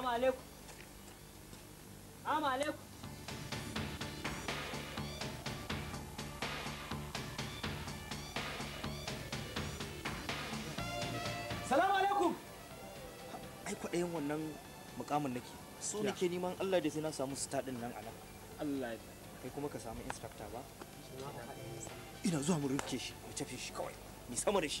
Salamu alaikum. Salamu alaikum. Salamu alaikum. Ai kwaɗayin wannan mukamin nake. So nake neman Allah da sai na samu sita ɗin nan a nan. Allah kai kuma ka samu inspector ba? Ina zuwa mu rike shi, mu tafi shi kawai. Ni sama da shi.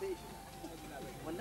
when